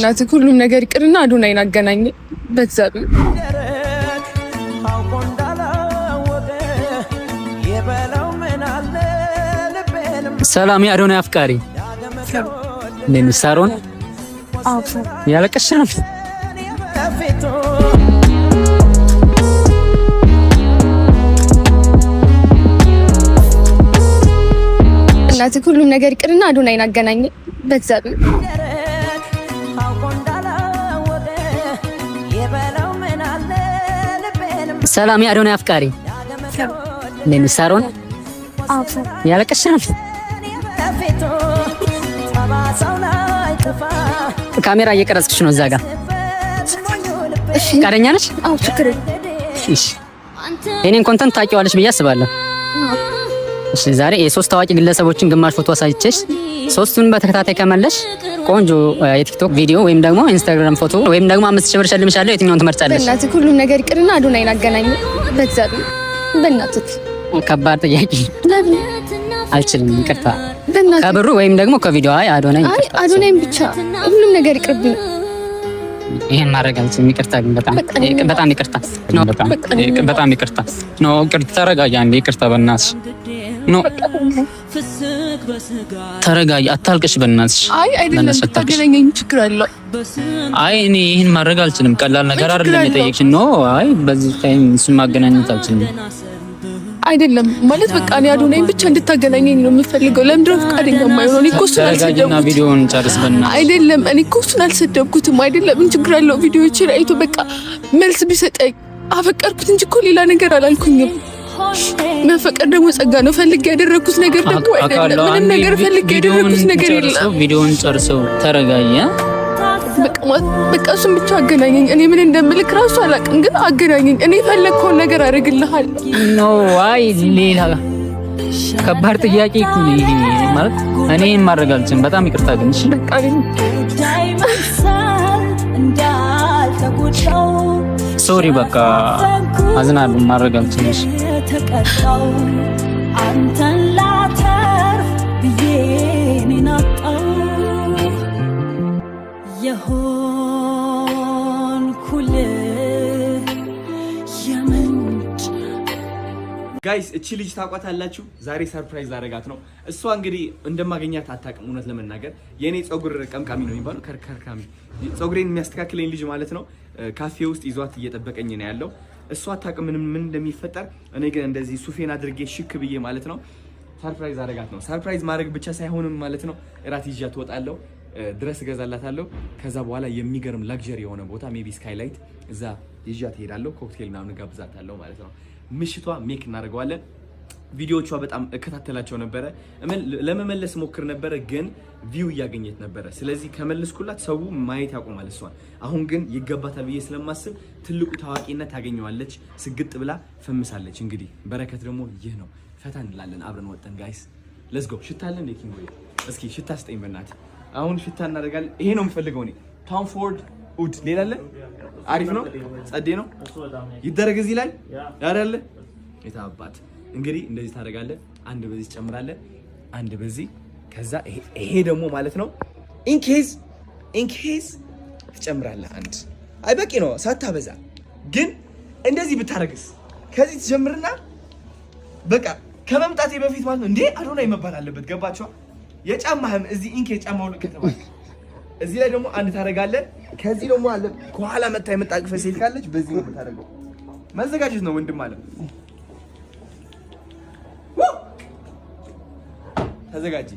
በእናትህ ሁሉም ነገር ይቅርና አዶናይን አገናኝ በእግዚአብሔር። ሰላም የአዶናይ አፍቃሪ ሳሮን ያለቀሻል። እናትህ ሁሉም ነገር ይቅርና አዶናይን አገናኝ በእግዚአብሔር። ሰላም የአዶናይ አፍቃሪ ነኝ። ሳሮን ያለቀሽ ነው። ካሜራ እየቀረጽክሽ ነው እዛ ጋር። ፈቃደኛ ነሽ? አዎ። እሺ። ኮንተንት ታውቂዋለሽ ብዬ አስባለሁ። እሺ፣ ዛሬ የሶስት ታዋቂ ግለሰቦችን ግማሽ ፎቶ አሳይቼሽ ሶስቱን በተከታታይ ከመለሽ ቆንጆ የቲክቶክ ቪዲዮ ወይም ደግሞ ኢንስታግራም ፎቶ ወይም ደግሞ አምስት ሺህ ብር ሸልምሻለሁ የትኛውን ትመርጫለሽ? በእናትህ ሁሉም ነገር ይቅርና አዶናይን አገናኝ። በእግዚአብሔር በእናትህ ከባድ ጥያቄ አልችልም። ይቅርታ ከብሩ ወይም ደግሞ ከቪዲዮ አይ አዶናይ አዶናይም ብቻ ሁሉም ነገር ይቅርብኝ። ይሄን ማድረግ አልችልም። ይቅርታ ግን በጣም በጣም ይቅርታ በጣም ይቅርታ ነው። ይቅርታ ተረጋጋ እንዴ! ይቅርታ በእናትሽ ኖ ተረጋጊ፣ አታልቅሽ በእናትሽ። አይ አይደለም፣ ብታገናኘኝ ችግር አለው። አይ እኔ ይህን ማድረግ አልችልም። ቀላል ነገር አይደለም የጠየቅሽኝ። ኖ አይ በዚህ ታይም እሱን ማገናኘት አልችልም። አይደለም ማለት በቃ እኔ አዶናይን ብቻ እንድታገናኘኝ ነው የምፈልገው። ለምንድን ነው ፈቃደኛ የማይሆነው? እኔ እኮ እሱን አልሰደብኩትም። አይደለም እኔ እኮ እሱን አልሰደብኩትም። አይደለም ምን ችግር አለው? ቪዲዮዎችን አይቶ በቃ መልስ ቢሰጠኝ አፈቀርኩት እንጂ እኮ ሌላ ነገር አላልኩኝም። መፈቀር ደግሞ ጸጋ ነው። ፈልግ ያደረግኩት ነገር ደግሞ አይደለም። ምንም ነገር ፈልግ ያደረግኩት ነገር የለም። ቪዲዮን ጨርሰው ተረጋየ። በቃ እሱን ብቻ አገናኘኝ። እኔ ምን እንደምልክ ራሱ አላውቅም፣ ግን አገናኘኝ። እኔ የፈለግከውን ነገር አደርግልሃል። ኖ አይ ሌላ ከባድ ጥያቄ ማለት እኔ ማድረግ አልችልም። በጣም ይቅርታ ግን እሺ በቃ ሶሪ በቃ አዝናለሁ። ማድረግ አልችልም። ጋይስ እቺ ልጅ ታውቋታላችሁ። ዛሬ ሰርፕራይዝ አረጋት ነው። እሷ እንግዲህ እንደማገኛት አታውቅም። እውነት ለመናገር የእኔ ፀጉር ቀምቃሚ ነው የሚባለው ከርከርካሚ ፀጉሬን የሚያስተካክለኝ ልጅ ማለት ነው። ካፌ ውስጥ ይዟት እየጠበቀኝ ነው ያለው። እሷ አታውቅም ምን እንደሚፈጠር። እኔ ግን እንደዚህ ሱፌን አድርጌ ሽክ ብዬ ማለት ነው ሰርፕራይዝ አረጋት ነው። ሰርፕራይዝ ማድረግ ብቻ ሳይሆንም ማለት ነው እራት ይዣ ትወጣለሁ። ድረስ እገዛላታለሁ። ከዛ በኋላ የሚገርም ላግዠሪ የሆነ ቦታ ሜቢ ስካይላይት እዛ ይዣት እሄዳለሁ። ኮክቴል ምናምን ጋብዛታለሁ ማለት ነው። ምሽቷ ሜክ እናደርገዋለን። ቪዲዮቿ በጣም እከታተላቸው ነበረ። ለመመለስ ሞክር ነበረ፣ ግን ቪው እያገኘት ነበረ። ስለዚህ ከመለስኩላት ሰው ማየት ያቆማል እሷን። አሁን ግን ይገባታል ብዬ ስለማስብ ትልቁ ታዋቂነት ታገኘዋለች። ስግጥ ብላ ፈምሳለች። እንግዲህ በረከት ደግሞ ይህ ነው። ፈታ እንላለን አብረን ወጠን ጋይስ ለዝጎ ሽታ አለ እንዴ? ኪንጎ እስኪ ሽታ ስጠኝ በእናትህ። አሁን ሽታ እናደርጋለን። ይሄ ነው የምፈልገው እኔ ቶም ፎርድ ኡድ ሌላ አለ። አሪፍ ነው። ጸዴ ነው ይደረግ እዚህ ላይ ያዳለ የታባት እንግዲህ እንደዚህ ታደርጋለህ። አንድ በዚህ ትጨምራለህ፣ አንድ በዚህ ከዛ ይሄ ደግሞ ማለት ነው ኢንኬዝ ኢንኬዝ ትጨምራለህ። አንድ አይ በቂ ነው ሳታበዛ። ግን እንደዚህ ብታረግስ ከዚህ ትጀምርና በቃ ከመምጣቴ በፊት ማለት ነው እንዴ አዶናይ መባል አለበት። ገባችኋ? የጫማህም እዚህ ኢንኬዝ ጫማውን ከተባለ እዚህ ላይ ደግሞ አንድ ታደርጋለህ። ከዚህ ደግሞ አለ ከኋላ መታ የምታቅፈ ሴት ካለች በዚህ ነው የምታደርገው። መዘጋጀት ነው ወንድም አለ። ተዘጋጅ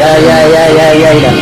ያ ያ ያ ያ ያ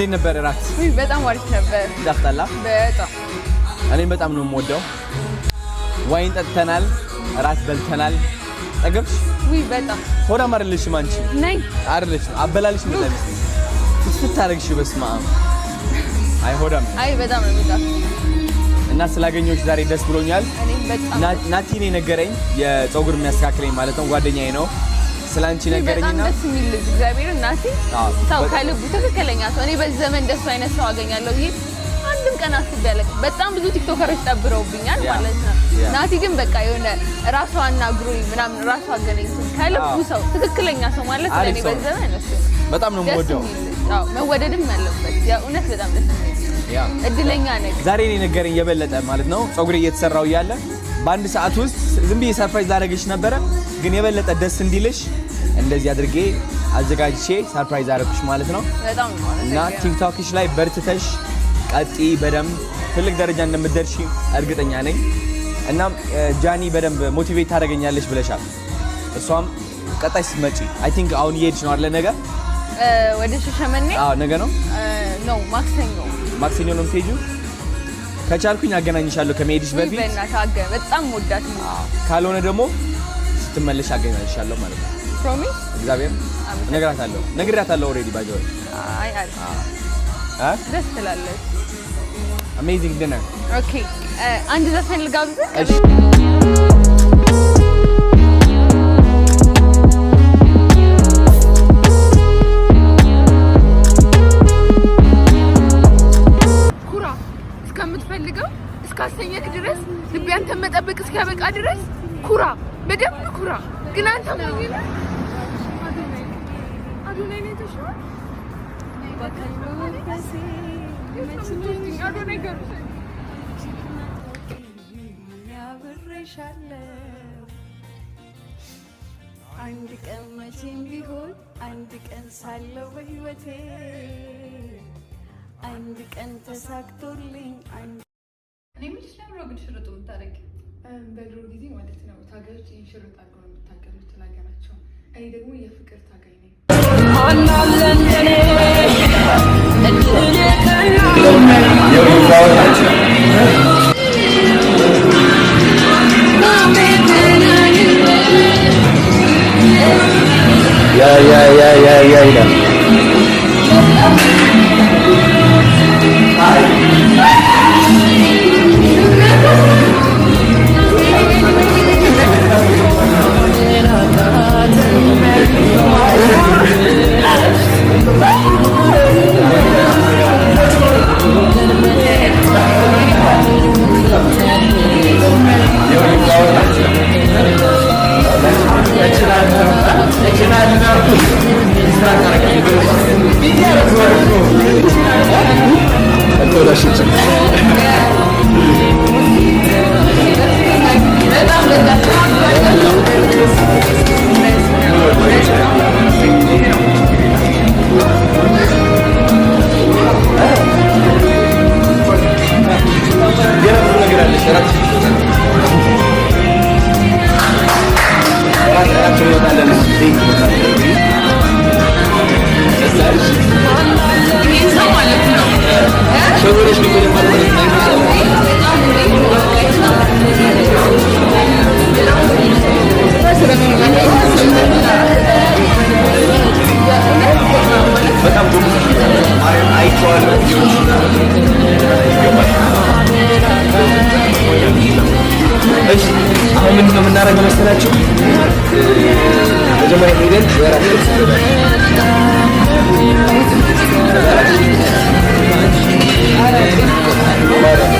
እንዴት ነበር እራት? በጣም አሪፍ ነበር። ዳፍጣላ በጣም እኔም በጣም ነው የምወደው። ዋይን ጠጥተናል፣ እራት በልተናል። ጠገብሽ? ውይ በጣም ሆዳም አይደለሽም አንቺ? ነኝ አይደለሽም። አበላልሽ ምን ላይ መስሎኝ ፍትፍት በስመ አብ አይ ሆዳም አይ በጣም ነው የሚጣፍ እና ስላገኘሁሽ ዛሬ ደስ ብሎኛል። ናቲ ነው የነገረኝ የፀጉር የሚያስተካክለኝ ማለት ነው ጓደኛዬ ነው ስለ አንቺ ነገረኝና ደስ የሚል ልጅ እግዚአብሔር እናቴ ሰው ከልቡ ትክክለኛ ሰው። እኔ በዚህ ዘመን ደስ አይነት ሰው አገኛለሁ ይሄ አንድም ቀን አስቤ በጣም ብዙ ቲክቶከሮች ጠብረውብኛል ማለት ነው። ናቲ ግን በቃ የሆነ ራሷና ግሩ ምናምን ራሷ አገናኝ ከልቡ ሰው ትክክለኛ ሰው ማለት ለእኔ በዚህ ዘመን እሱ በጣም ነው የምወደው። መወደድም ያለበት የእውነት በጣም ደስ የሚል እድለኛ ነገር ዛሬ እኔ ነገረኝ የበለጠ ማለት ነው። ፀጉሬ እየተሰራው እያለ በአንድ ሰዓት ውስጥ ዝም ብዬ ሰርፕራይዝ ላደረግሽ ነበረ፣ ግን የበለጠ ደስ እንዲልሽ እንደዚህ አድርጌ አዘጋጅቼ ሰርፕራይዝ አደረግኩሽ ማለት ነው። እና ቲክቶክሽ ላይ በርትተሽ ቀጢ በደንብ ትልቅ ደረጃ እንደምደርሺ እርግጠኛ ነኝ። እናም ጃኒ በደንብ ሞቲቬት ታደርገኛለች ብለሻል። እሷም ቀጣይ ስትመጪ አይ ቲንክ አሁን እየሄድሽ ነው አለ ነገ ወደ ሻሸመኔ ነገ ነው ማክሰኞ ማክሰኞ ነው የምትሄጂው ከቻልኩኝ አገናኝሻለሁ ከመሄድሽ በፊት በጣም ወዳት ካልሆነ ደግሞ ስትመለሽ አገናኝሻለሁ ማለት ነው። ፕሮሚስ እግዚአብሔር እነግራታለሁ እነግራታለሁ። ኦልሬዲ ባጃው አይ አይ አ ደስ ትላለች። አሜዚንግ ዲነር ኦኬ። አንድ ዘፈን ልጋብዝ። እሺ ከበቅ ድረስ ኩራ፣ በደንብ ኩራ። ግን አንተ ሞኝ ነህ። አዶናይ ነው የተሻለ አንድ ቀን መቼም ቢሆን አንድ ቀን ሳለው በህይወቴ አንድ ቀን ተሳክቶልኝ አንድ እኔ የምልሽ ለምን ወግድ ሽርጡ የምታደርጊው? በድሮ ጊዜ ማለት ነው ታጋዮች ይህን ሽርጥ አድርገው ነው የሚታገሉት ለሀገራቸው። እኔ ደግሞ የፍቅር ታጋይ ነኝ። ያ ያ ያ ያ ያ ይላል አሁን ምንድን ነው የምናደርገው መሰላችሁ? መጀመሪያ ሄደን ወራችን